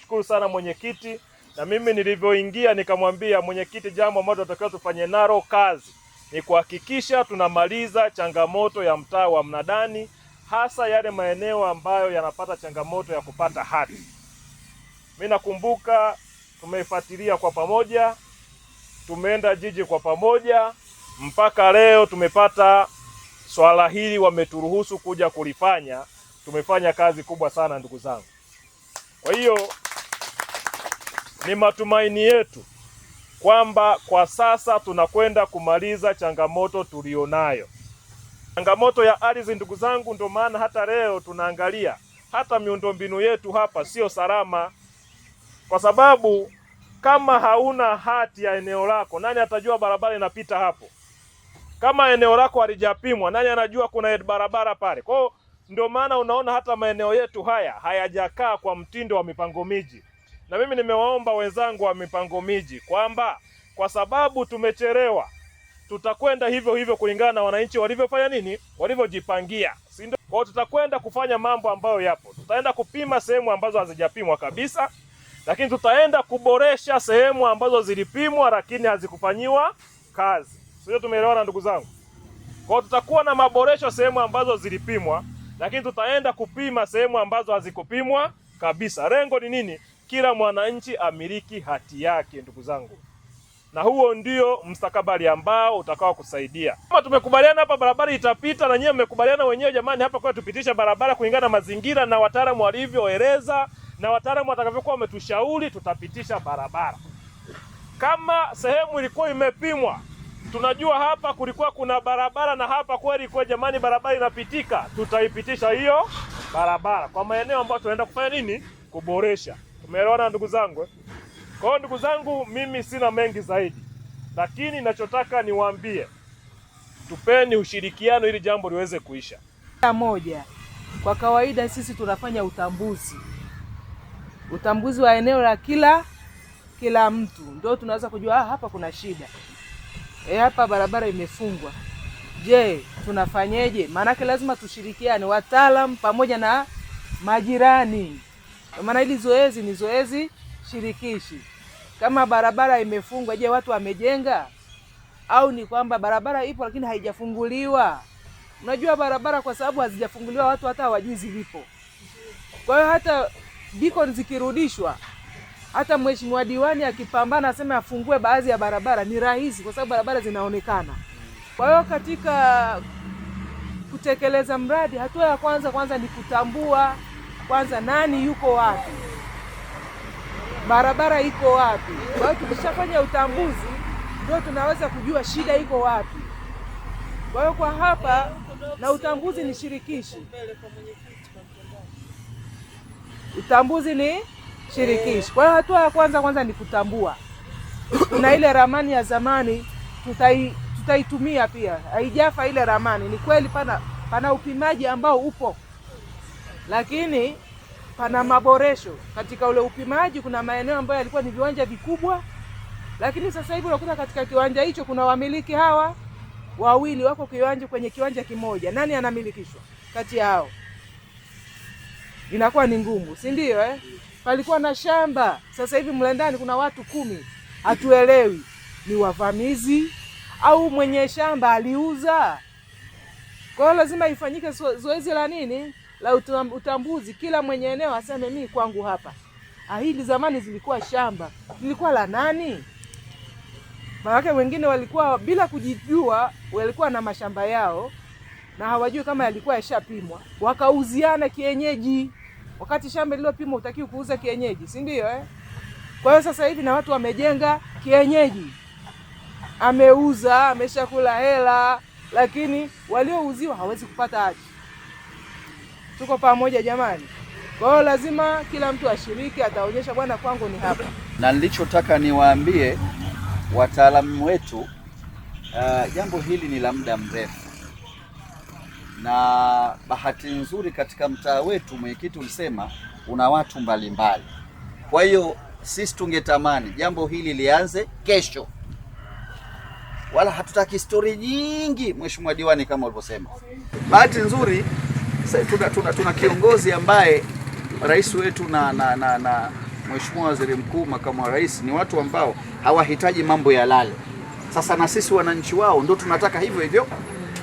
Namshukuru sana mwenyekiti, na mimi nilivyoingia nikamwambia mwenyekiti, jambo ambalo tunatakiwa tufanye nalo kazi ni kuhakikisha tunamaliza changamoto ya mtaa wa Mnadani, hasa yale maeneo ambayo yanapata changamoto ya kupata hati. mi nakumbuka tumeifuatilia kwa pamoja, tumeenda jiji kwa pamoja, mpaka leo tumepata swala hili, wameturuhusu kuja kulifanya. Tumefanya kazi kubwa sana ndugu zangu, kwa hiyo ni matumaini yetu kwamba kwa sasa tunakwenda kumaliza changamoto tulionayo, changamoto ya ardhi. Ndugu zangu, ndio maana hata leo tunaangalia hata miundombinu yetu hapa siyo salama, kwa sababu kama hauna hati ya eneo lako, nani atajua barabara inapita hapo? Kama eneo lako halijapimwa, nani anajua kuna barabara pale? Kwa hiyo ndio maana unaona hata maeneo yetu haya hayajakaa kwa mtindo wa mipango miji. Na mimi nimewaomba wenzangu wa mipango miji kwamba kwa sababu tumechelewa, tutakwenda hivyo hivyo kulingana na wananchi walivyofanya nini, walivyojipangia, si ndio? Kwao tutakwenda kufanya mambo ambayo yapo, tutaenda kupima sehemu ambazo hazijapimwa kabisa, lakini tutaenda kuboresha sehemu ambazo zilipimwa lakini hazikufanyiwa kazi, sio? Tumeelewana ndugu zangu? Kwao tutakuwa na maboresho sehemu ambazo zilipimwa, lakini tutaenda kupima sehemu ambazo hazikupimwa kabisa. Lengo ni nini? kila mwananchi amiliki hati yake, ndugu zangu, na huo ndio mstakabali ambao utakao kusaidia. Kama tumekubaliana hapa barabara itapita, na nyewe mmekubaliana wenyewe, jamani, hapa kwa tupitisha barabara kulingana na mazingira na wataalamu walivyoeleza na wataalamu watakavyokuwa wametushauri, tutapitisha barabara. Kama sehemu ilikuwa imepimwa tunajua hapa kulikuwa kuna barabara na hapa kweli kwa jamani, barabara inapitika, tutaipitisha hiyo barabara kwa maeneo ambayo tunaenda kufanya nini, kuboresha. Umeelewana ndugu zangu? Eh? Kwa hiyo ndugu zangu, mimi sina mengi zaidi, lakini ninachotaka niwaambie, tupeni ushirikiano ili jambo liweze kuisha moja. Kwa kawaida sisi tunafanya utambuzi, utambuzi wa eneo la kila kila mtu, ndio tunaweza kujua ah, hapa kuna shida e, hapa barabara imefungwa. Je, tunafanyeje? Maanake lazima tushirikiane, wataalamu pamoja na majirani maana hili zoezi ni zoezi shirikishi. Kama barabara imefungwa, je, watu wamejenga au ni kwamba barabara ipo lakini haijafunguliwa? Unajua barabara kwa sababu hazijafunguliwa watu hata hawajui zilipo. Kwa hiyo hata beacon zikirudishwa, hata mheshimiwa diwani akipambana aseme afungue baadhi ya barabara ni rahisi, kwa sababu barabara zinaonekana. Kwa hiyo katika kutekeleza mradi, hatua ya kwanza kwanza ni kutambua kwanza nani yuko wapi, barabara iko wapi. Kwa hiyo tukishafanya utambuzi, ndio tunaweza kujua shida iko wapi. Kwa hiyo kwa hapa, na utambuzi ni shirikishi, utambuzi ni shirikishi. Kwa hiyo hatua ya kwanza kwanza ni kutambua. Kuna ile ramani ya zamani tutai tutaitumia pia, haijafa ile ramani. Ni kweli pana pana upimaji ambao upo lakini pana maboresho katika ule upimaji. Kuna maeneo ambayo yalikuwa ni viwanja vikubwa, lakini sasa hivi unakuta katika kiwanja hicho kuna wamiliki hawa wawili wako kiwanja kwenye kiwanja kimoja, nani anamilikishwa kati yao? Inakuwa ni ngumu, si ndio eh? Palikuwa na shamba, sasa hivi mle ndani kuna watu kumi, hatuelewi ni wavamizi au mwenye shamba aliuza. Kwa hiyo lazima ifanyike zoezi la nini la utambuzi, kila mwenye eneo aseme mimi kwangu hapa. Ahili ah, zamani zilikuwa shamba, lilikuwa la nani? Maanake wengine walikuwa bila kujijua, walikuwa na mashamba yao na hawajui kama yalikuwa yashapimwa, wakauziana kienyeji, wakati shamba lililopimwa utakiwa kuuza kienyeji, si ndio eh? Kwa hiyo sasa hivi na watu wamejenga kienyeji, ameuza ameshakula hela, lakini waliouziwa hawezi kupata hati. Tuko pamoja jamani. Kwa hiyo lazima kila mtu ashiriki, ataonyesha bwana, kwangu ni hapa. Na nilichotaka niwaambie wataalamu wetu, uh, jambo hili ni la muda mrefu, na bahati nzuri katika mtaa wetu, mwenyekiti ulisema una watu mbalimbali. Kwa hiyo sisi tungetamani jambo hili lianze kesho, wala hatutaki stori nyingi, mheshimiwa diwani, kama ulivyosema. Bahati nzuri tuna, tuna, tuna kiongozi ambaye rais wetu na, na, na, na mheshimiwa waziri mkuu, makamu wa rais ni watu ambao hawahitaji mambo ya lale. Sasa na sisi wananchi wao ndo tunataka hivyo hivyo